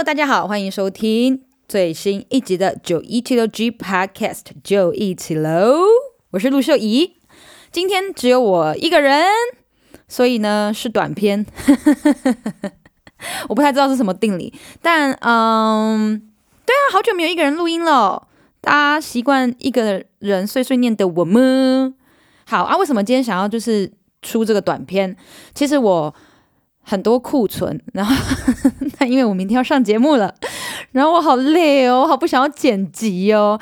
Hello, 大家好，歡迎收聽最新一集的《九一七六 G Podcast》，就一起嘍！我是陸秀儀。今天只有我一個人，所以呢是短片。 我不太知道是什麼定理，但嗯，對啊，好久沒有一個人錄音了，大家習慣一個人碎碎念的我嗎？好啊，為什麼今天想要就是出這個短片？其實我。很多庫存，然後那因為我明天要上節目了，然後我好累哦，我好不想要剪輯哦，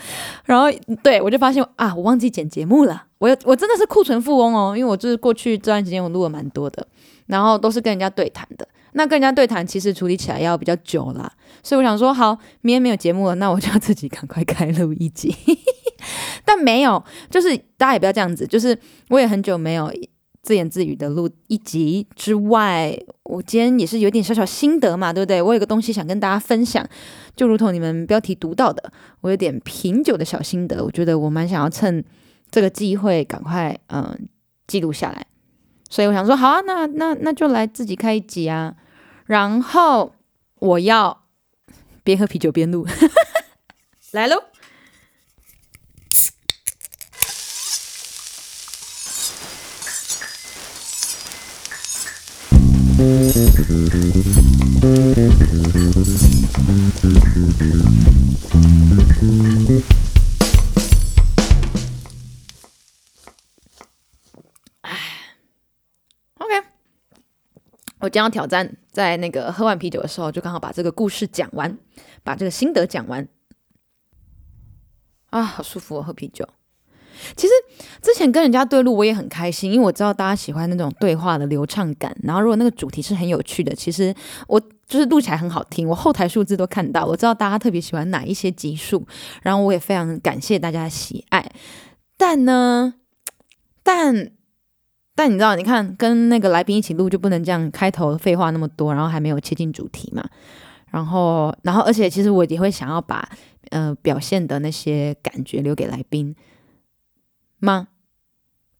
然後對我就發現啊，我忘記剪節目了。我我真的是庫存富翁哦，因為我就是過去這段時間我錄了蠻多的，然後都是跟人家對談的。那跟人家對談其實處理起來要比較久了，所以我想說好，明天沒有節目了，那我就要自己趕快開錄一集。 但沒有，就是大家也不要這樣子，就是我也很久沒有。自言自語的錄一集之外，我今天也是有點小小心得嘛，對不對？我有個東西想跟大家分享，就如同你們標題讀到的，我有點品酒的小心得，我覺得我蠻想要趁這個機會趕快嗯、呃、記錄下來，所以我想說好啊，那那那就來自己開一集啊，然後我要邊喝啤酒邊錄， 來嘍。哎，OK，我將要挑戰在那個喝完啤酒的時候，就剛好把這個故事講完，把這個心得講完。啊，好舒服我、哦、喝啤酒。其實之前跟人家對錄，我也很開心，因為我知道大家喜歡那種對話的流暢感。然後如果那個主題是很有趣的，其實我就是錄起來很好聽，我後台數字都看到，我知道大家特別喜歡哪一些集數。然後我也非常感謝大家的喜愛。但呢，但但你知道，你看跟那個來賓一起錄就不能這樣，開頭廢話那麼多，然後還沒有切進主題嘛。然後，然後而且其實我也會想要把呃表現的那些感覺留給來賓。嗎？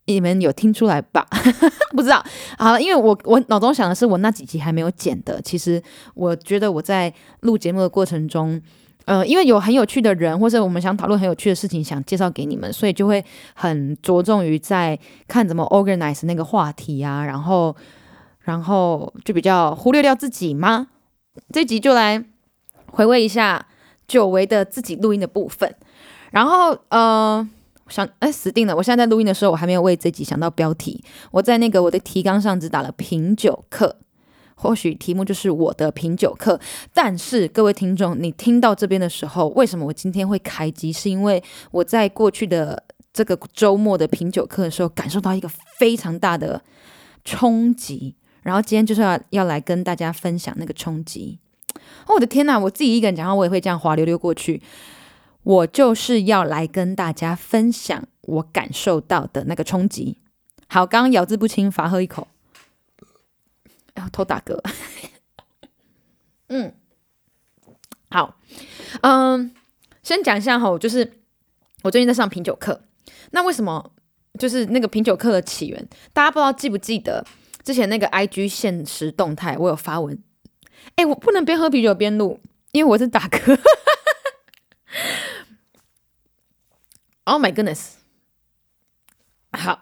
你們有聽出來吧？ 不知道。好，因為我我腦中想的是，我那幾集還沒有剪的。其實我覺得我在錄節目的過程中，呃，因為有很有趣的人，或是我們想討論很有趣的事情，想介紹給你們，所以就會很着重於在看怎麼 organize 那個話題啊，然後然後就比較忽略掉自己嗎？這集就來回味一下久違的自己錄音的部分，然後嗯。呃想誒、欸，死定了！我現在在錄音的時候，我還沒有為這集想到標題。我在那個我的提綱上只打了“品酒課”，或許題目就是我的“品酒課”。但是各位聽眾，你聽到這邊的時候，為什麼我今天會開機？是因為我在過去的這個週末的品酒課的時候，感受到一個非常大的衝擊。然後今天就是要要來跟大家分享那個衝擊。哦，我的天哪，我自己一個人講話，我也會這樣滑溜溜過去。我就是要來跟大家分享我感受到的那個衝擊。好，剛剛咬字不清，罰喝一口。然後偷打嗝。 嗯，好，嗯，先講一下吼，就是我最近在上品酒課。那為什麼就是那個品酒課的起源？大家不知道記不記得之前那個 IG 限時動態，我有發文。哎、欸，我不能邊喝啤酒邊錄，因為我是打嗝。 Oh my goodness！好，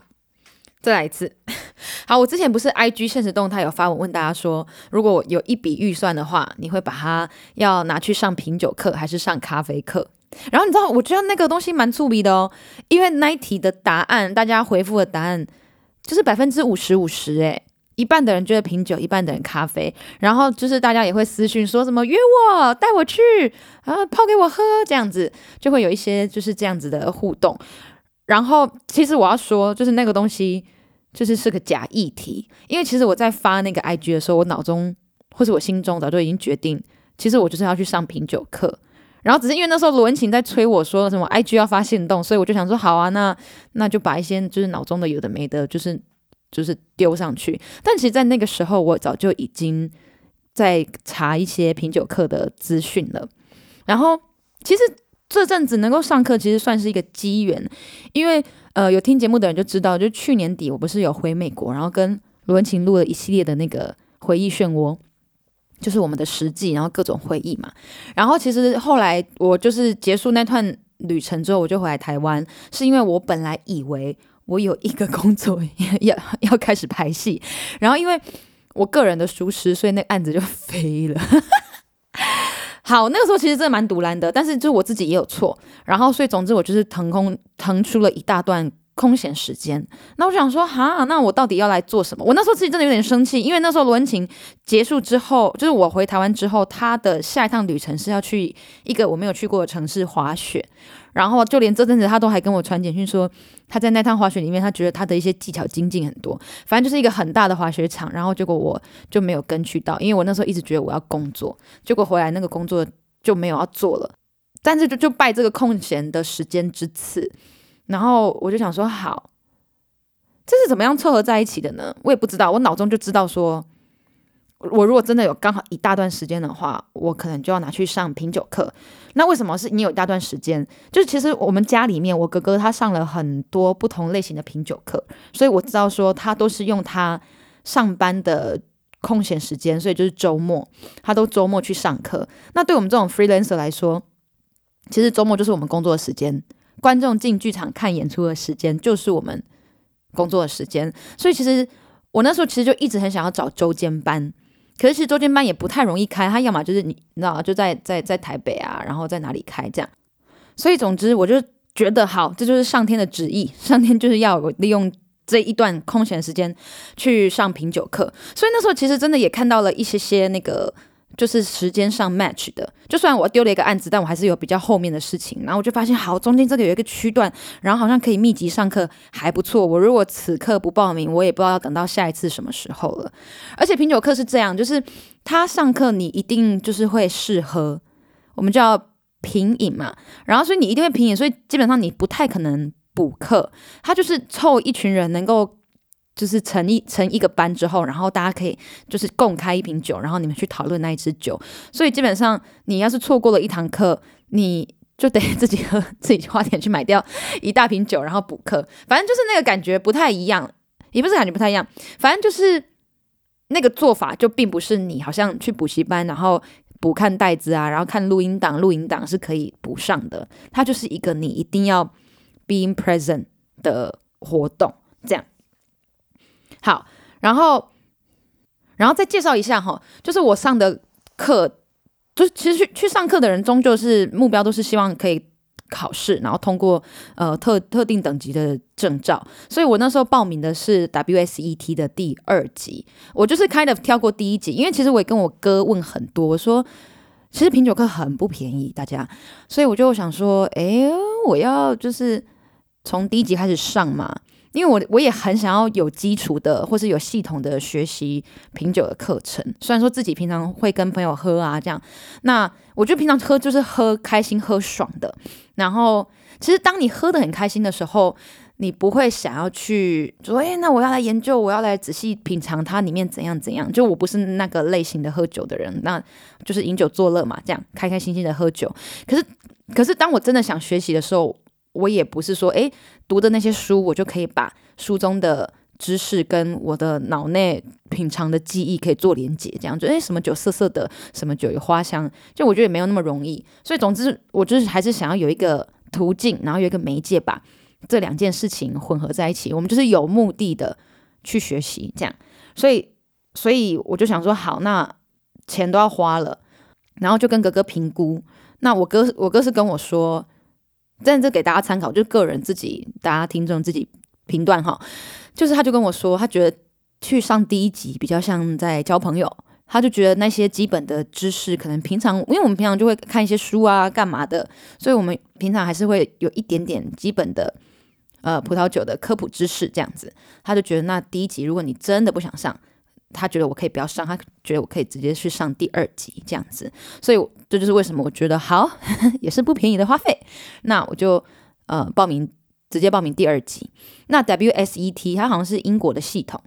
再來一次。好，我之前不是 IG 現實動態有發文問大家說，如果有一筆預算的話，你會把它要拿去上品酒課還是上咖啡課？然後你知道，我覺得那個東西蠻出名的哦，因為 Nike 的答案，大家回復的答案就是百分之五十五十，誒。一半的人覺得品酒，一半的人咖啡。然後就是大家也會私訊說什麼約我、帶我去啊、然後泡給我喝這樣子，就會有一些就是這樣子的互動。然後其實我要說，就是那個東西就是是個假議題，因為其實我在發那個 IG 的時候，我腦中或是我心中早就已經決定，其實我就是要去上品酒課。然後只是因為那時候羅文琴在催我說什麼 IG 要發限動，所以我就想說好啊，那那就把一些就是腦中的有的沒的就是。就是丟上去，但其實，在那個時候，我早就已經在查一些品酒課的資訊了。然後，其實這陣子能夠上課，其實算是一個機緣，因為呃，有聽節目的人就知道，就去年底，我不是有回美國，然後跟盧文琴錄了一系列的那個回憶漩渦，就是我們的實際，然後各種回憶嘛。然後，其實後來我就是結束那段旅程之後，我就回來台灣，是因為我本來以為。我有一個工作要要，要開始拍戲，然後因為我個人的疏失，所以那案子就飛了。 好，那個時候其實真的蠻度爛的，但是就是我自己也有錯，然後所以總之我就是騰空騰出了一大段空閒時間。那我想說，哈，那我到底要來做什麼？我那時候自己真的有點生氣，因為那時候羅恩琴結束之後，就是我回台灣之後，他的下一趟旅程是要去一個我沒有去過的城市滑雪。然後就連這陣子，他都還跟我傳簡訊說，他在那趟滑雪裡面，他覺得他的一些技巧精進很多。反正就是一個很大的滑雪場，然後結果我就沒有跟去到，因為我那時候一直覺得我要工作，結果回來那個工作就沒有要做了。但是就就拜這個空閒的時間之賜，然後我就想說，好，這是怎麼樣湊合在一起的呢？我也不知道，我腦中就知道說。我如果真的有剛好一大段時間的話，我可能就要拿去上品酒課。那為什麼是你有一大段時間？就是其實我們家裡面，我哥哥他上了很多不同類型的品酒課，所以我知道說他都是用他上班的空閒時間，所以就是周末他都周末去上課。那對我們這種 freelancer 來說，其實周末就是我們工作的時間，觀眾進劇場看演出的時間就是我們工作的時間。所以其實我那時候其實就一直很想要找周間班。可是其實週間班也不太容易開，他要麼就是你，你知道，就在在在台北啊，然後在哪裡開這樣。所以總之，我就覺得好，這就是上天的旨意，上天就是要利用這一段空閒時間去上品酒課。所以那時候其實真的也看到了一些些那個。就是時間上 match 的，就算我丟了一個案子，但我還是有比較後面的事情。然後我就發現，好，中間這個有一個區段，然後好像可以密集上課，還不錯。我如果此刻不報名，我也不知道要等到下一次什麼時候了。而且品酒課是這樣，就是他上課你一定就是會試喝，我們叫品飲嘛，然後所以你一定會品飲，所以基本上你不太可能補課，他就是湊一群人能夠。就是成一成一個班之後，然後大家可以就是共開一瓶酒，然後你們去討論那一支酒。所以基本上，你要是錯過了一堂課，你就得自己喝，自己花錢去買掉一大瓶酒，然後補課。反正就是那個感覺不太一樣，也不是感覺不太一樣，反正就是那個做法就並不是你好像去補習班，然後補看帶子啊，然後看錄音檔，錄音檔是可以補上的。它就是一個你一定要 being present 的活動，這樣。好，然後，然後再介紹一下哈，就是我上的課，就其實去去上課的人，終究是目標都是希望可以考試，然後通過呃特特定等級的證照，所以我那時候報名的是 WSET 的第二級，我就是 Kind of 跳過第一級，因為其實我也跟我哥問很多，我說其實品酒課很不便宜，大家，所以我就想說，哎呦，我要就是從第一級開始上嘛。因為我我也很想要有基礎的或是有系統的學習品酒的課程，雖然說自己平常會跟朋友喝啊這樣，那我覺得平常喝就是喝開心喝爽的，然後其實當你喝得很開心的時候，你不會想要去說誒、哎，那我要來研究，我要來仔細品嘗它裡面怎樣怎樣，就我不是那個類型的喝酒的人，那就是飲酒作樂嘛，這樣開開心心的喝酒。可是可是當我真的想學習的時候。我也不是說，誒，讀的那些書，我就可以把書中的知識跟我的腦內品嘗的記憶可以做連接，這樣子，誒，什麼酒澀澀的，什麼酒有花香，就我覺得也沒有那麼容易。所以，總之，我就是還是想要有一個途徑，然後有一個媒介把這兩件事情混合在一起，我們就是有目的的去學習，這樣。所以，所以我就想說，好，那錢都要花了，然後就跟哥哥評估。那我哥，我哥是跟我說。但這給大家參考，就個人自己，大家聽眾自己評斷哈。就是他就跟我說，他覺得去上第一集比較像在交朋友。他就覺得那些基本的知識，可能平常因為我們平常就會看一些書啊、幹嘛的，所以我們平常還是會有一點點基本的，呃葡萄酒的科普知識這樣子。他就覺得那第一集，如果你真的不想上。他覺得我可以不要上，他覺得我可以直接去上第二級這樣子，所以這就是為什麼我覺得好也是不便宜的花費。那我就呃報名直接報名第二級。那 WSET 它好像是英國的系統，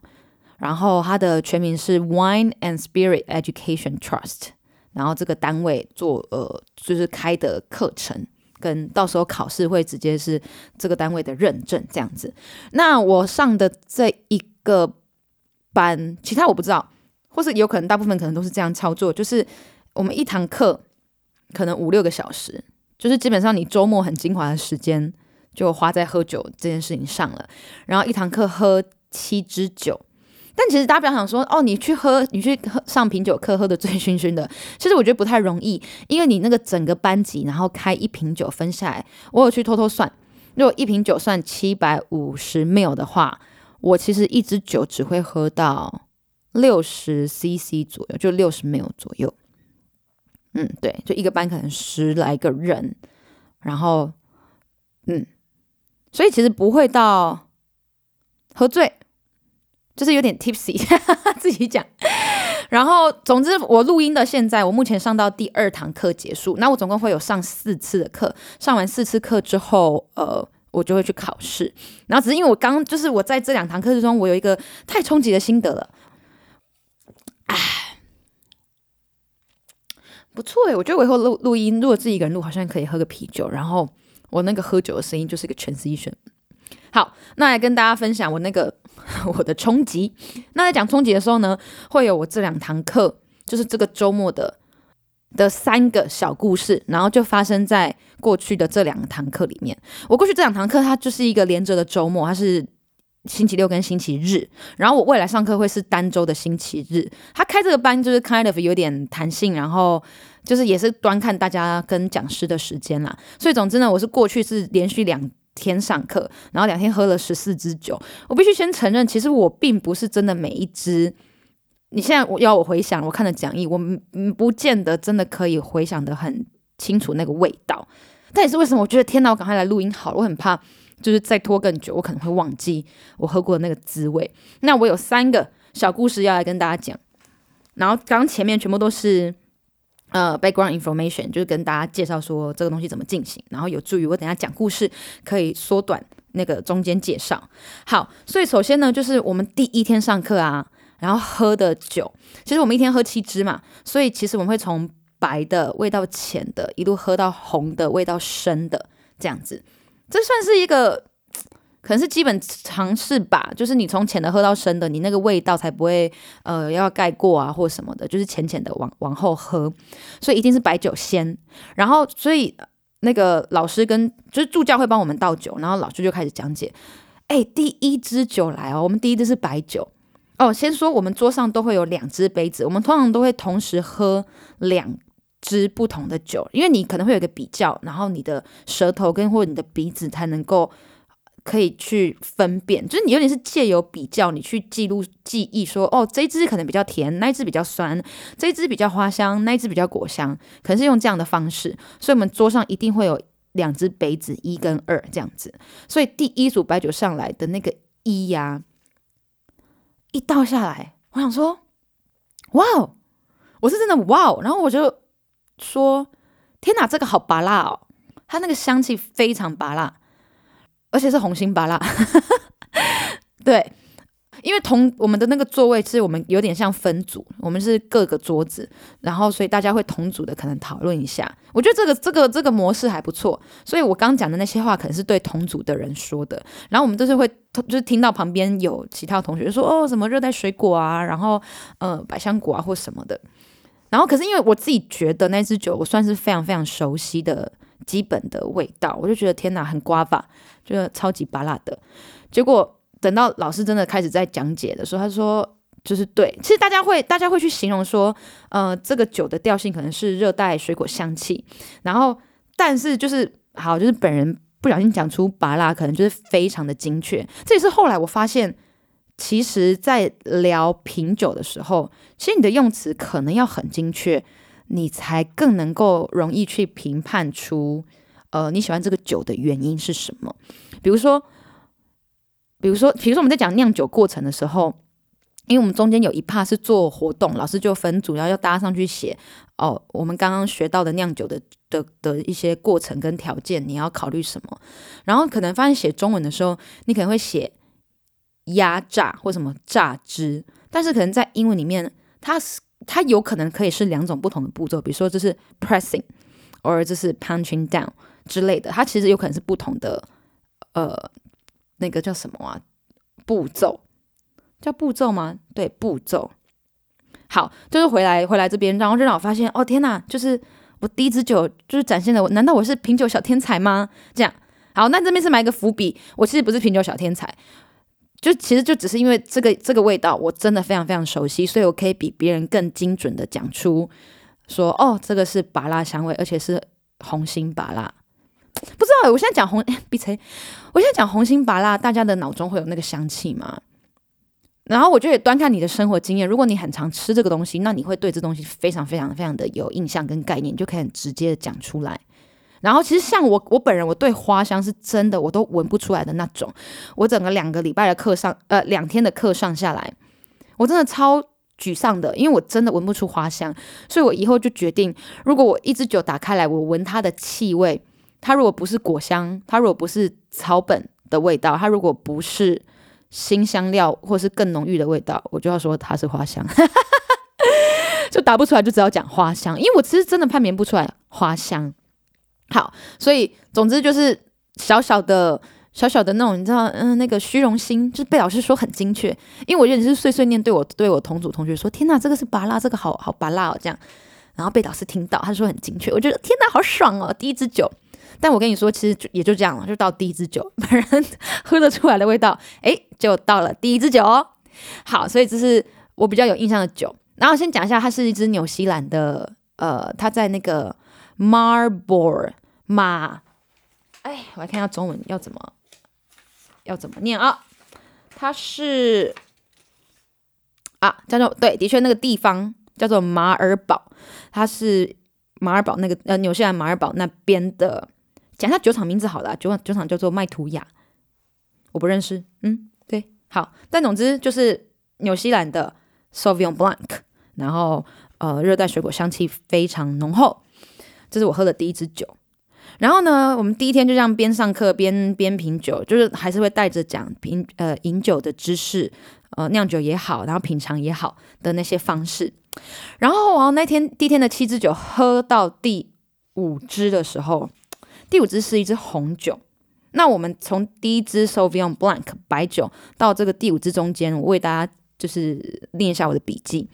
然後它的全名是 Wine and Spirit Education Trust，然後這個單位做呃就是開的課程跟到時候考試會直接是這個單位的認證這樣子。那我上的這一個。班其他我不知道，或是有可能大部分可能都是這樣操作，就是我們一堂課可能五六個小時，就是基本上你周末很精華的時間就花在喝酒這件事情上了，然後一堂課喝七支酒，但其實大家不要想說哦，你去喝，你去喝上品酒課喝得醉醺醺的，其實我覺得不太容易，因為你那個整個班級然後開一瓶酒分下來，我有去偷偷算，如果一瓶酒算七百五十 ml 的話。我其實一支酒只會喝到六十 CC 左右，就六十 ml 左右。嗯，對，就一個班可能十來個人，然後嗯，所以其實不會到喝醉，就是有點 tipsy，呵呵自己講。然後，總之我錄音的現在，我目前上到第二堂課結束，那我總共會有上四次的課，上完四次課之後，呃。我就會去考試，然後只是因為我剛就是我在這兩堂課之中，我有一個太衝擊的心得了。唉，不錯誒，我覺得我以後錄錄音，如果自己一個人錄，好像可以喝個啤酒，然後我那個喝酒的聲音就是一個 transition。好，那來跟大家分享我那個我的衝擊。那在講衝擊的時候呢，會有我這兩堂課，就是這個周末的。的三個小故事，然後就發生在過去的這兩堂課裡面。我過去這兩堂課，它就是一個連着的週末，它是星期六跟星期日。然後我未來上課會是單週的星期日。他開這個班就是 kind of 有點彈性，然後就是也是端看大家跟講師的時間啦。所以總之呢，我是過去是連續兩天上課，然後兩天喝了十四支酒。我必須先承認，其實我並不是真的每一支。你現在我要我回想，我看的講義，我嗯嗯不見得真的可以回想得很清楚那個味道。但也是為什麼，我覺得天吶，我趕快來錄音好了，我很怕就是再拖更久，我可能會忘記我喝過的那個滋味。那我有三個小故事要來跟大家講，然後剛剛前面全部都是呃 background information，就是跟大家介紹說這個東西怎麼進行，然後有助於我等下講故事可以縮短那個中間介紹。好，所以首先呢，就是我們第一天上課啊。然後喝的酒，其實我們一天喝七支嘛，所以其實我們會從白的味道淺的，一路喝到紅的味道深的這樣子。這算是一個，可能是基本嘗試吧。就是你從淺的喝到深的，你那個味道才不會呃要蓋過啊或什麼的，就是淺淺的往往後喝，所以一定是白酒先。然後所以那個老師跟就是助教會幫我們倒酒，然後老師就開始講解。哎，第一支酒來哦，我們第一支是白酒。哦，先說我們桌上都會有兩隻杯子，我們通常都會同時喝兩支不同的酒，因為你可能會有一個比較，然後你的舌頭跟或者你的鼻子才能夠可以去分辨，就是你有點是借由比較你去記錄記憶說，說哦這一支可能比較甜，那一支比較酸，這一支比較花香，那一支比較果香，可能是用這樣的方式，所以我們桌上一定會有兩隻杯子，一跟二這樣子，所以第一組白酒上來的那個一呀、啊。一倒下來，我想說，哇哦，我是真的哇哦！然後我就說，天哪，這個好芭樂哦，它那個香氣非常芭樂，而且是紅心芭樂， 對。因為同我們的那個座位，其實我們有點像分組，我們是各個桌子，然後所以大家會同組的可能討論一下。我覺得這個這個這個模式還不錯，所以我剛講的那些話可能是對同組的人說的。然後我們都是會就是聽到旁邊有其他同學說，哦什麼熱帶水果啊，然後呃百香果啊或什麼的。然後可是因為我自己覺得那支酒我算是非常非常熟悉的，基本的味道，我就覺得天哪，很瓜吧，就是超級巴辣的，結果。等到老師真的開始在講解的時候，他說：“就是對，其實大家會，大家會去形容說，呃，這個酒的調性可能是熱帶水果香氣，然後，但是就是好，就是本人不小心講出‘芭樂’，可能就是非常的精確。這也是後來我發現，其實在聊品酒的時候，其實你的用詞可能要很精確，你才更能夠容易去評判出，呃，你喜歡這個酒的原因是什麼，比如說。”比如說，比如說我們在講釀酒過程的時候，因為我們中間有一 part 是做活動，老師就分組，然後要搭上去寫哦，我們剛剛學到的釀酒的的的一些過程跟條件，你要考慮什麼？然後可能發現寫中文的時候，你可能會寫壓榨或什麼榨汁，但是可能在英文裡面，它它有可能可以是兩種不同的步驟，比如說這是 pressing，或者這是 punching down 之類的，它其實有可能是不同的，呃。那個叫什麼啊？步驟，叫步驟嗎？對，步驟。好，就是回來，回來這邊，然後就讓我發現，哦天哪，就是我第一支酒就是展現的，難道我是品酒小天才嗎？這樣，好，那這邊是埋一個伏筆，我其實不是品酒小天才，就其實就只是因為這個這個味道，我真的非常非常熟悉，所以我可以比別人更精準的講出說，說哦，這個是芭樂香味，而且是紅心芭樂。不知道我現在講紅，閉嘴！我現在講紅，欸，紅心芭樂，大家的腦中會有那個香氣嗎？然後我就也端看你的生活經驗。如果你很常吃這個東西，那你會對這東西非常非常非常的有印象跟概念，就可以很直接的講出來。然後其實像我，我本人我對花香是真的我都聞不出來的那種。我整個兩個禮拜的課上，呃，兩天的課上下來，我真的超沮喪的，因為我真的聞不出花香。所以我以後就決定，如果我一支酒打開來，我聞它的氣味。它如果不是果香，它如果不是草本的味道，它如果不是辛香料或是更濃郁的味道，我就要說它是花香， 就答不出來，就只要講花香。因為我其實真的判別不出來花香。好，所以總之就是小小的小小的那種，你知道，嗯，那個虛榮心，就是被老師說很精確。因為我覺得你是碎碎念，對我對我同組同學說，天哪，這個是芭樂，這個好好芭樂哦，這樣，然後被老師聽到，他說很精確，我覺得天哪，好爽哦，第一支酒。但我跟你說，其實就也就這樣了，就到第一支酒，本人喝得出來的味道，誒、欸，就到了第一支酒哦。好，所以這是我比較有印象的酒。然後先講一下，它是一支紐西蘭的，呃，它在那個 Marlborough 馬，哎，我來看一下中文要怎麼要怎麼念啊？哦，它是啊，叫做對，的確那個地方叫做馬爾堡，它是馬爾堡那個呃紐西蘭馬爾堡那邊的。講下酒廠名字好了，啊，酒酒廠叫做麥圖雅，我不認識。嗯，對，好。但總之就是紐西蘭的 Sauvignon Blanc，然後呃，熱帶水果香氣非常濃厚。這是我喝的第一支酒。然後呢，我們第一天就這樣邊上課邊邊品酒，就是還是會帶着講品呃飲酒的知識，呃，釀酒也好，然後品嘗也好的那些方式。然後啊，那天第一天的七支酒喝到第五支的時候。第五支是一支紅酒，那我們從第一支 Sauvignon Blanc 白酒到這個第五支中間，我為大家就是念一下我的筆記。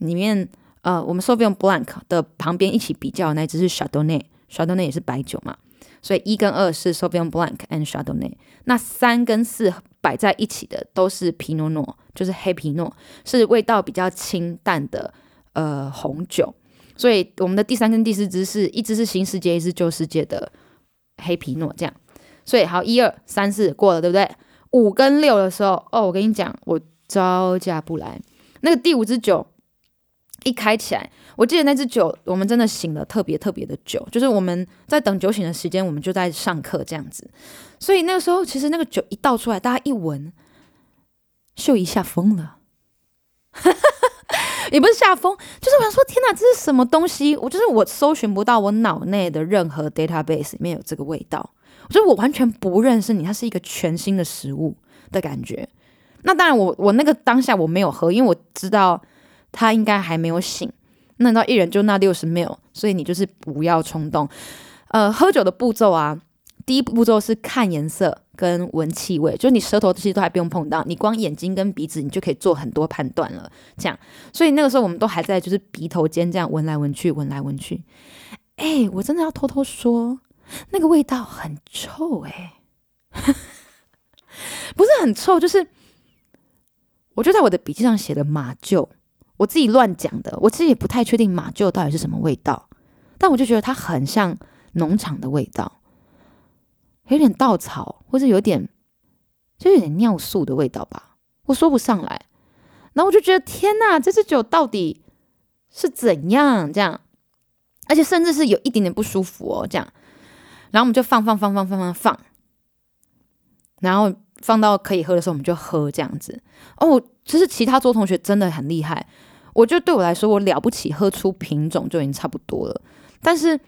裡面呃，我們 Sauvignon Blanc 的旁邊一起比較的那一支是 Chardonnay，Chardonnay 也是白酒嘛，所以一跟二是 Sauvignon Blanc and Chardonnay，那三跟四擺在一起的都是皮諾諾，就是黑皮諾，是味道比較清淡的呃紅酒。所以我們的第三跟第四支是一支是新世界，一支舊世界的。黑皮諾這樣，所以好，一二三四過了，對不對？五跟六的時候，哦，我跟你講，我招架不來。那個第五支酒一開起來，我記得那只酒我們真的醒了特別特別的久，就是我們在等酒醒的時間，我們就在上課這樣子。所以那個時候，其實那個酒一倒出來，大家一聞，秀一下瘋了。也不是嚇瘋，就是我想說，天吶，這是什麼東西？我就是我搜尋不到我腦內的任何 database 裡面有這個味道，我覺得我完全不認識你，它是一個全新的食物的感覺。那當然我，我我那個當下我沒有喝，因為我知道他應該還沒有醒。那到道一人就那六十 ml，所以你就是不要衝動。呃，喝酒的步驟啊，第一步驟是看顏色。跟聞氣味，就是你舌頭這些都還不用碰到，你光眼睛跟鼻子你就可以做很多判斷了。這樣，所以那個時候我們都還在就是鼻頭尖這樣聞來聞去，聞來聞去。哎，我真的要偷偷說，那個味道很臭哎、欸， 不是很臭，就是我就在我的筆記上寫的馬廄，我自己亂講的，我自己也不太確定馬廄到底是什麼味道，但我就覺得它很像農場的味道。有點稻草，或者有點，就有點尿素的味道吧，我說不上來。然後我就覺得天哪，這支酒到底是怎樣？這樣，而且甚至是有一點點不舒服哦，這樣。然後我們就放放放放放放放，然後放到可以喝的時候，我們就喝這樣子。哦，其實其他桌同學真的很厲害，我覺得對我來說我了不起，喝出品種就已經差不多了。但是，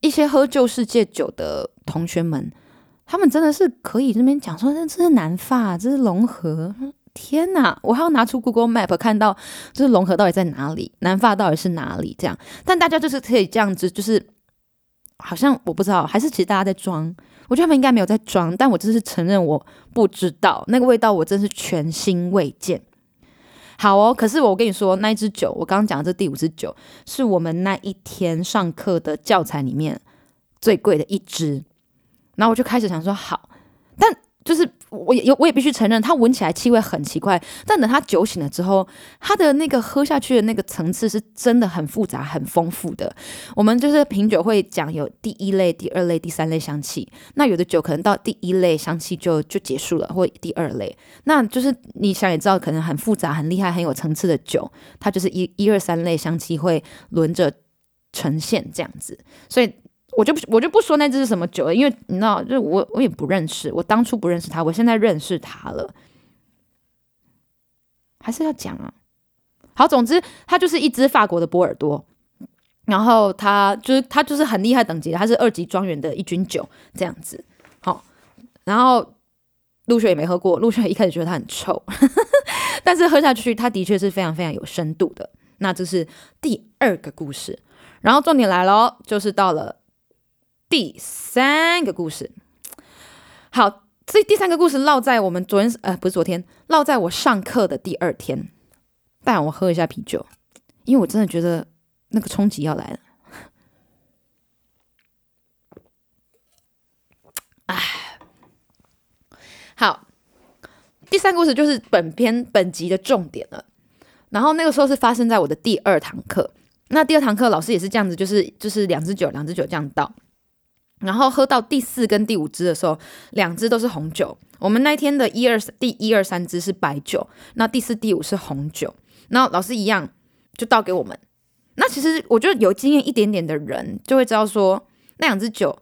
一些喝舊世界酒的同學們。他們真的是可以這邊講說，這是南法，這是隆河。天哪，我還要拿出 Google Map 看到，就是隆河到底在哪裡，南法到底是哪裡這樣。但大家就是可以這樣子，就是好像我不知道，還是其實大家在裝。我覺得他們應該沒有在裝，但我就是承認我不知道，那個味道我真是全心未見。好哦，可是我跟你說，那一支酒，我剛剛講的這第五支酒，是我們那一天上課的教材裡面最貴的一支。然後我就開始想說好，但就是我也我也必須承認，它聞起來氣味很奇怪。但等他酒醒了之後，他的那個喝下去的那個層次是真的很複雜、很豐富的。我們就是品酒會講有第一類、第二類、第三類香氣。那有的酒可能到第一類香氣就就結束了，或第二類，那就是你想也知道，可能很複雜、很厲害、很有層次的酒，它就是一一二三類香氣會輪着呈現這樣子。所以。我就不我就不說那支是什麼酒了。因為你知道，就我我也不認識，我當初不認識他，我現在認識他了，還是要講啊。好，總之他就是一支法國的波爾多，然後他就是他就是很厲害等級的，他是二級莊園的一軍酒這樣子。好，哦，然後陸秀也沒喝過，陸秀一開始覺得他很臭， 但是喝下去他的確是非常非常有深度的。那這是第二個故事，然後重點來嘍，就是到了。第三個故事，好，這第三個故事落在我們昨天，呃，不是昨天，落在我上課的第二天。但我喝一下啤酒，因為我真的覺得那個衝擊要來了。哎，好，第三故事就是本篇本集的重點了。然後那個時候是發生在我的第二堂課，那第二堂課老師也是這樣子，就是就是兩支酒，兩支酒這樣倒。然後喝到第四跟第五支的時候，兩支都是紅酒。我們那天的一二第一二三支是白酒，那第四第五是紅酒。然後老師一樣就倒給我們。那其實我覺得有經驗一點點的人就會知道說，說那兩支酒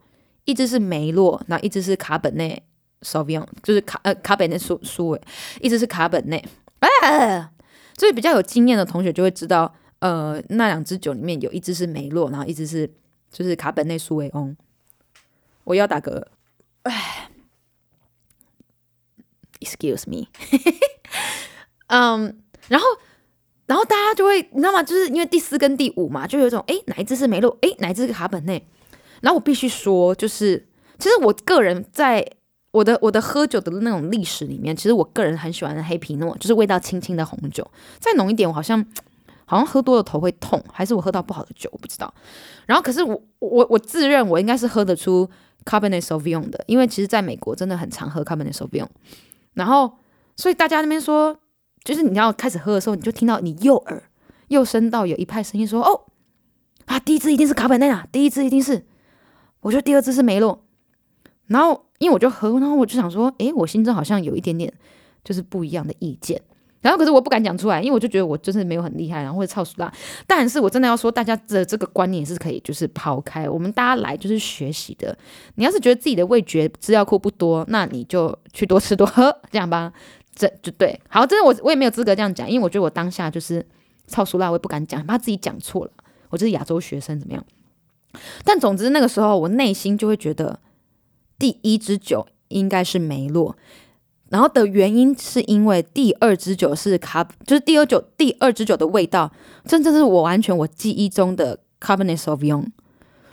一支是梅洛，然後一支是卡本內蘇維翁，就是卡呃卡本內蘇蘇維，一支是卡本內。啊，所以比較有經驗的同學就會知道，呃，那兩支酒裡面有一支是梅洛，然後一支是就是卡本內蘇維翁。我要打嗝，哎、uh,，excuse me，嗯、 um,，然後，然後大家就會，你知道嗎？就是因為第四跟第五嘛，就有一種哎，哪一支是梅露？哎，哪一支是卡本內？然後我必須說，就是其實我個人在我的我的喝酒的那種歷史裡面，其實我個人很喜歡黑皮諾，就是味道清清的紅酒，再濃一點，我好像好像喝多了頭會痛，還是我喝到不好的酒，我不知道。然後可是我我我自認我應該是喝得出。Cabernet Sauvignon 的，因為其實在美國真的很常喝 Cabernet Sauvignon，然後所以大家那邊說，就是你要開始喝的時候，你就聽到你右耳右聲道有一派聲音說：“哦啊，第一支一定是 Cabernet 啊，第一支一定是，我覺得第二支是梅洛。”然後因為我就喝，然後我就想說：“誒，我心中好像有一點點就是不一樣的意見。”然後可是我不敢講出來，因為我就覺得我就是沒有很厲害，然後會超俗辣。但是，我真的要說，大家的這個觀念是可以就是拋開，我們大家來就是學習的。你要是覺得自己的味覺資料庫不多，那你就去多吃多喝，這樣吧，這就對。好，真的我我也沒有資格這樣講，因為我覺得我當下就是超俗辣，我也不敢講，怕自己講錯了。我就是亞洲學生怎麼樣？但總之那個時候，我內心就會覺得，第一支酒應該是梅洛。然後的原因是因為第二支酒是卡，就是第二酒，第二支酒的味道，真正是我完全我記憶中的 Cabernet Sauvignon。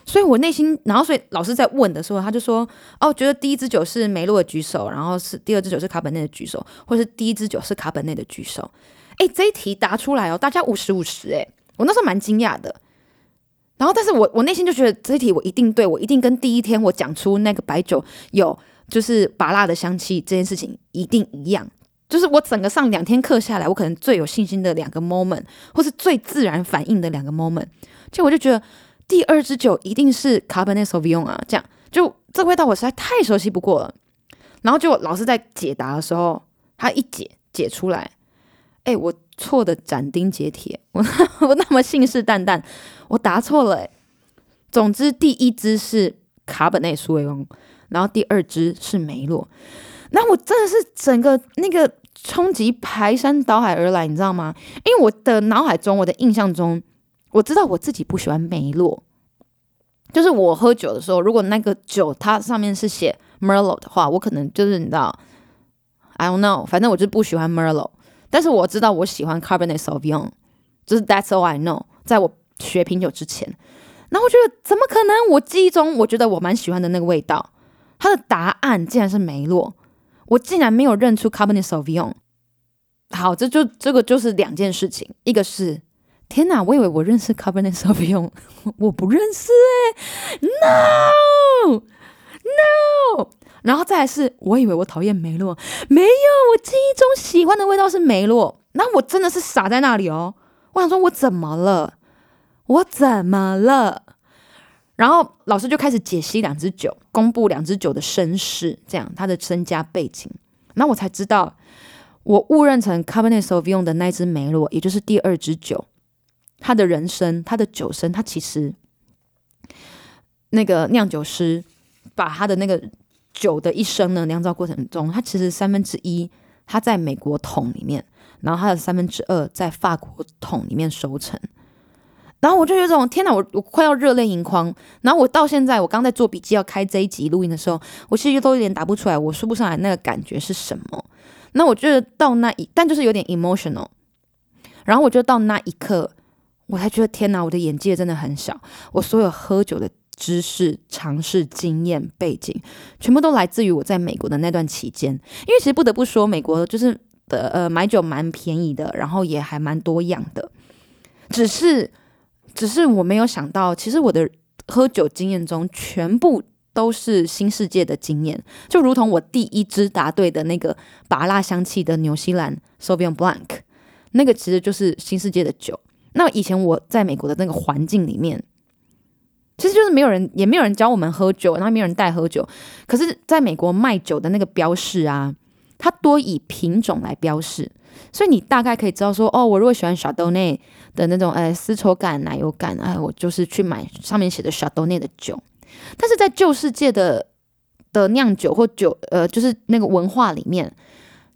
所以我內心，然後所以老師在問的時候，他就說哦，覺得第一支酒是梅洛的舉手，然後是第二支酒是卡本內的舉手，或者是第一支酒是卡本內的舉手，誒，這一題答出來哦，大家五十五十，誒，我那時候蠻驚訝的，然後但是我我內心就覺得這一題我一定對，我一定跟第一天我講出那個白酒有。就是拔辣的香氣這件事情一定一樣。就是我整個上兩天課下來，我可能最有信心的兩個 moment，或是最自然反應的兩個 moment，就我就覺得第二支酒一定是 Cabernet Sauvignon 啊，這樣就這味道我實在太熟悉不過了。然後就老師在解答的時候，他一解解出來，誒，我錯的斬釘截鐵，我我那麼信誓旦旦，我答錯了誒。總之第一支是卡本內蘇維翁。然後第二支是梅洛，那我真的是整個那個衝擊排山倒海而來，你知道嗎？因為我的腦海中、我的印象中，我知道我自己不喜歡梅洛。就是我喝酒的時候，如果那個酒它上面是寫 Merlot 的話，我可能就是你知道，I don't know，反正我就不喜歡 Merlot。但是我知道我喜歡 Cabernet Sauvignon，就是 That's all I know。在我學品酒之前，然後我覺得怎麼可能？我記憶中我覺得我蠻喜歡的那個味道。他的答案竟然是梅洛，我竟然沒有認出 Cabernet Sauvignon 好，這就這個就是兩件事情，一個是天哪，我以為我認識 Cabernet Sauvignon，我，我不認識哎、欸，No No，然後再來是，我以為我討厭梅洛，沒有，我記憶中喜歡的味道是梅洛，那我真的是傻在那裡哦，我想說我怎麼了，我怎麼了？然後老師就開始解析兩隻酒，公布兩隻酒的身世，這樣他的身家背景。那我才知道，我誤認成 Cabernet Sauvignon 用的那隻梅洛，也就是第二隻酒，他的人生，他的酒生，他其實那個釀酒師把他的那個酒的一生呢釀造過程中，他其實三分之一他在美國桶裡面，然後他的三分之二在法國桶裡面熟成。然後我就有這種天哪，我我快要熱淚盈眶。然後我到現在，我剛在做筆記，要開這一集錄音的時候，我其實都有點打不出來，我說不上來那個感覺是什麼。那我覺得到那一，但就是有點 emotional。然後我就到那一刻，我才覺得天哪，我的眼界真的很小。我所有喝酒的知識、嘗試、經驗、背景，全部都來自於我在美國的那段期間。因為其實不得不說，美國就是的呃，買酒蠻便宜的，然後也還蠻多樣的，只是。只是我沒有想到，其實我的喝酒經驗中全部都是新世界的經驗，就如同我第一支答對的那個芭樂香氣的紐西蘭 Sauvignon Blanc，那個其實就是新世界的酒。那以前我在美國的那個環境裡面，其實就是沒有人也沒有人教我們喝酒，然後沒有人帶喝酒。可是在美國賣酒的那個標示啊。它多以品種來標示，所以你大概可以知道說，哦，我如果喜歡 Chardonnay 的那種，呃、哎，絲綢感、奶油感，哎，我就是去買上面寫的 Chardonnay 的酒。但是在舊世界的的釀酒或酒，呃，就是那個文化裡面，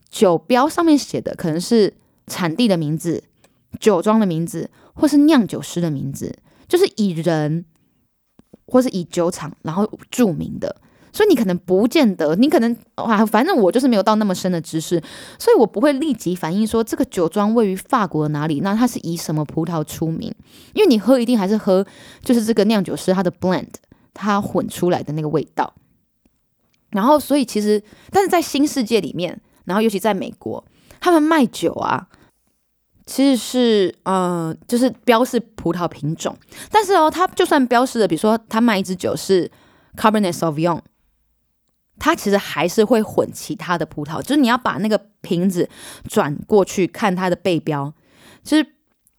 酒標上面寫的可能是產地的名字、酒莊的名字，或是釀酒師的名字，就是以人或是以酒廠然後著名的。所以你可能不見得，你可能哇，反正我就是沒有到那麼深的知識，所以我不會立即反映說這個酒莊位於法國的哪裡，那它是以什麼葡萄出名？因為你喝一定還是喝就是這個釀酒師他的 blend，他混出來的那個味道。然後，所以其實但是在新世界裡面，然後尤其在美國，他們賣酒啊，其實是嗯、呃，就是標示葡萄品種，但是哦，他就算標示的，比如說他賣一支酒是 Cabernet Sauvignon 它其實還是會混其他的葡萄，就是你要把那個瓶子轉過去看它的背標，就是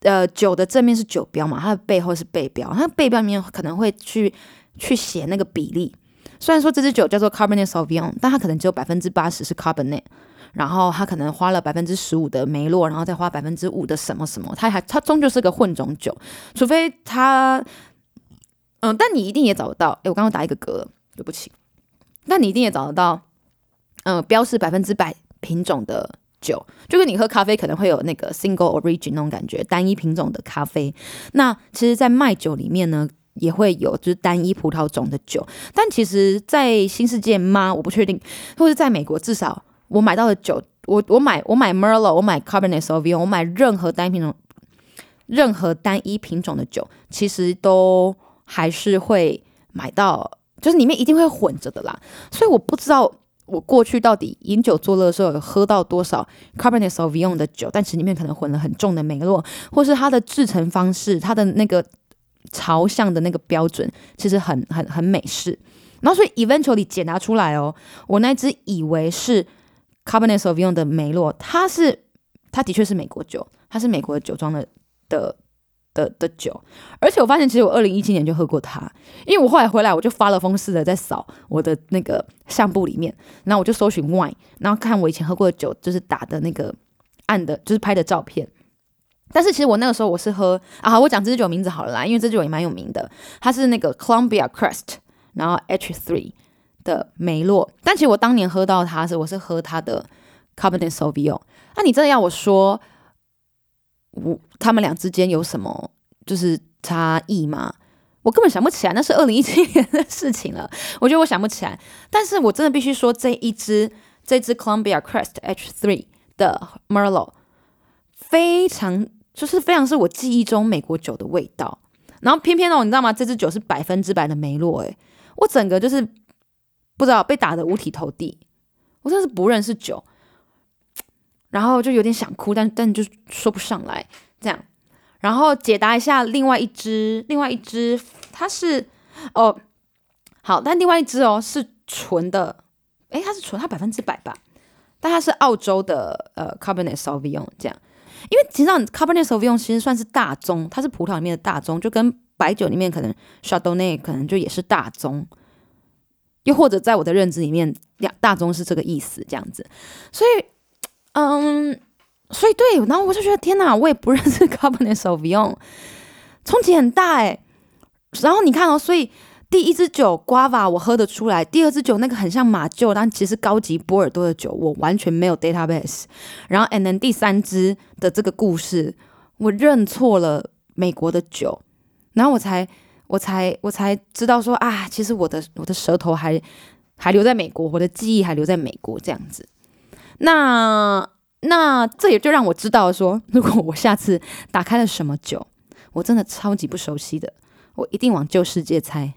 呃酒的正面是酒標嘛，它的背後是背標，它背標裡面可能會去去寫那個比例。雖然說這支酒叫做 Cabernet Sauvignon，但它可能只有百分之八十是 Cabernet，然後它可能花了百分之十五的梅洛，然後再花百分之五的什麼什麼，它還它終究是個混種酒，除非它嗯，但你一定也找得到。誒，我剛剛打一個嗝，對不起。那你一定也找得到，嗯、呃，標示百分之百品種的酒，就跟、是、你喝咖啡可能會有那個 single origin 那種感覺，單一品種的咖啡。那其實，在賣酒裡面呢，也會有就是單一葡萄種的酒，但其實，在新世界嗎？我不確定，或者在美國，至少我買到的酒，我我買我買 merlot，我買 Cabernet Sauvignon，我買任何單一品種，任何單一品種的酒，其實都還是會買到。就是裡面一定會混着的啦，所以我不知道我過去到底飲酒作樂的時候有喝到多少 Cabernet Sauvignon 的酒，但其實裡面可能混了很重的梅洛，或是它的製成方式、它的那個朝向的那個標準，其實很很很美式。然後所以，eventually 檢查出來哦，我那支以為是 Cabernet Sauvignon 的梅洛，它是它的確是美國酒，它是美國酒莊的的。的的酒，而且我發現其實我二零一七年就喝過它，因為我後來回來我就發了瘋似的在掃我的那個相簿裡面，然後我就搜尋 wine，然後看我以前喝過的酒就是打的那個暗的，就是拍的照片。但是其實我那個時候我是喝啊好，我講這支酒名字好了啦，因為這支酒也蠻有名的，它是那個 Columbia Crest，然後 H Three 的梅洛。但其實我當年喝到的它是我是喝它的 Cabernet Sauvignon 那你真的要我說？我他們倆之間有什麼就是差異嗎？我根本想不起來，那是二零一七年的事情了。我覺得我想不起來，但是我真的必須說這、這一支這支 Columbia Crest H Three 的 Merlot，非常就是非常是我記憶中美國酒的味道。然後偏偏哦，你知道嗎？這支酒是百分之百的梅洛，誒。我整個就是不知道被打得五體投地，我真是不認識酒。然後就有點想哭，但但就說不上來這樣。然後解答一下另外一隻，另外一隻它是哦好，但另外一隻哦是純的，誒，它是純，它百分之百吧，但它是澳洲的呃 Cabernet Sauvignon 這樣，因為其實上 Cabernet Sauvignon 其實算是大宗，它是葡萄裡面的大宗，就跟白酒裡面可能 Chardonnay 可能就也是大宗，又或者在我的認知裡面，大宗是這個意思這樣子，所以。嗯、um，所以對，然後我就覺得天吶，我也不認識 Cabernet Sauvignon 衝擊很大誒、欸。然後你看哦，所以第一支酒 Guava 我喝得出來，第二支酒那個很像馬廄，但其實高級波爾多的酒我完全沒有 database。然後，and then 第三支的這個故事，我認錯了美國的酒，然後我才，我才，我才，我才知道說啊，其實我的我的舌頭還還留在美國，我的記憶還留在美國這樣子。那那這也就讓我知道說，如果我下次打開了什麼酒，我真的超級不熟悉的，我一定往舊世界猜。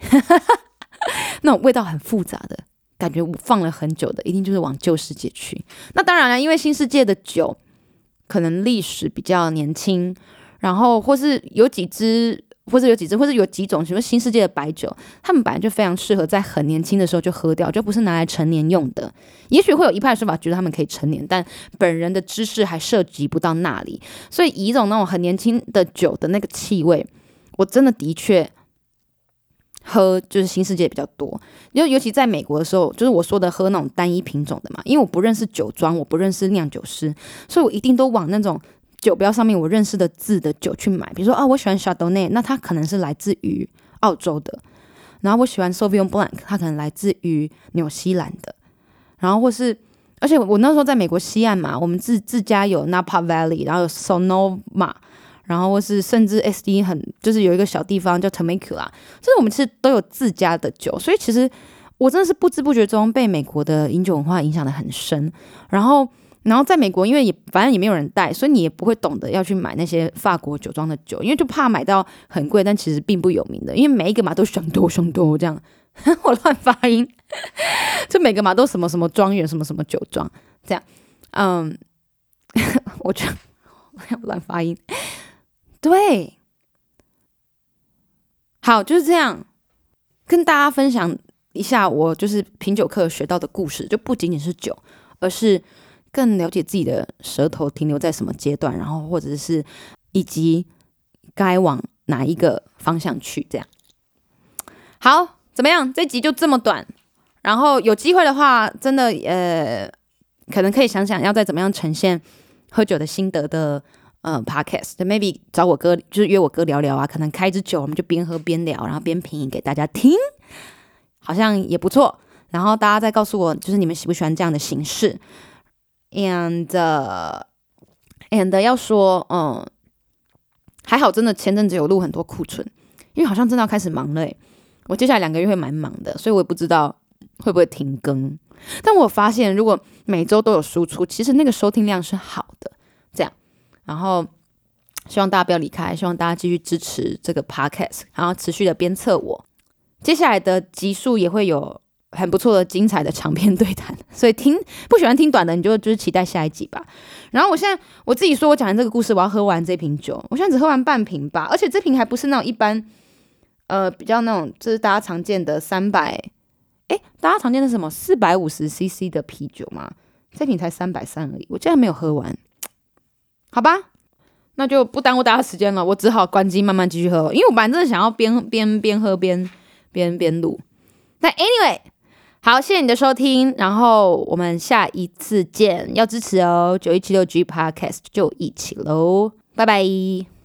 那種味道很複雜的感覺，我放了很久的，一定就是往舊世界去。那當然了，因為新世界的酒可能歷史比較年輕，然後或是有幾隻。或者有幾隻，或者有幾種什麼新世界的白酒，他們本來就非常適合在很年輕的時候就喝掉，就不是拿來陳年用的。也許會有一派的說法，覺得他們可以陳年，但本人的知識還涉及不到那裡。所以以一種那種很年輕的酒的那個氣味，我真的的確喝就是新世界比較多。因為尤其在美國的時候，就是我說的喝那種單一品種的嘛，因為我不認識酒莊，我不認識釀酒師，所以我一定都往那種，酒標上面我認識的字的酒去買，比如說啊，我喜歡 Chardonnay，那它可能是來自於澳洲的；然後我喜歡 Sauvignon Blanc，它可能來自於紐西蘭的；然後或是，而且我，我那時候在美國西岸嘛，我們自自家有 Napa Valley，然後有 Sonoma，然後或是甚至 SD 很就是有一個小地方叫 Temecula，就是我們其實都有自家的酒，所以其實我真的是不知不覺中被美國的飲酒文化影響的很深，然後。然後在美國，因為也反正也沒有人帶，所以你也不會懂得要去買那些法國酒莊的酒，因為就怕買到很貴但其實並不有名的。因為每一個嘛都“雄多雄多”這樣， 我亂發音， 就每個嘛都什麼什麼莊園什麼什麼酒莊這樣，嗯， 我就亂發音，對，好，就是這樣，跟大家分享一下我就是品酒課學到的故事，就不僅僅是酒，而是。更了解自己的舌頭停留在什麼階段，然後或者是以及該往哪一個方向去這樣。好，怎麼樣？這集就這麼短，然後有機會的話，真的呃，可能可以想想要再怎麼樣呈現喝酒的心得的嗯、呃、podcast，maybe 找我哥，就是約我哥聊聊啊，可能開一支酒，我們就邊喝邊聊，然後邊品飲給大家聽，好像也不錯。然後大家再告訴我，就是你們喜不喜歡這樣的形式？and、uh, and 要說，嗯，還好，真的前陣子有錄很多庫存，因為好像真的要開始忙了，我接下來兩個月會蠻忙的，所以我也不知道會不會停更。但我發現，如果每周都有輸出，其實那個收聽量是好的。這樣，然後希望大家不要離開，希望大家繼續支持這個 podcast，然後持續的鞭策我。接下來的集數也會有。很不錯的精彩的長篇對談，所以聽不喜歡聽短的，你就就是期待下一集吧。然後我現在我自己說我講完這個故事，我要喝完這瓶酒，我現在只喝完半瓶吧。而且這瓶還不是那種一般，呃，比較那種就是大家常見的三百，誒，大家常見的什麼四百五十 CC 的啤酒嘛，這瓶才三百三而已，我竟然沒有喝完，好吧，那就不耽誤大家時間了，我只好關機慢慢繼續喝，因為我本來真的想要邊邊邊喝邊邊邊錄，但 anyway。好，謝謝你的收聽，然後我們下一次見，要支持哦，九一七六 G Podcast 就一起嘍，拜拜。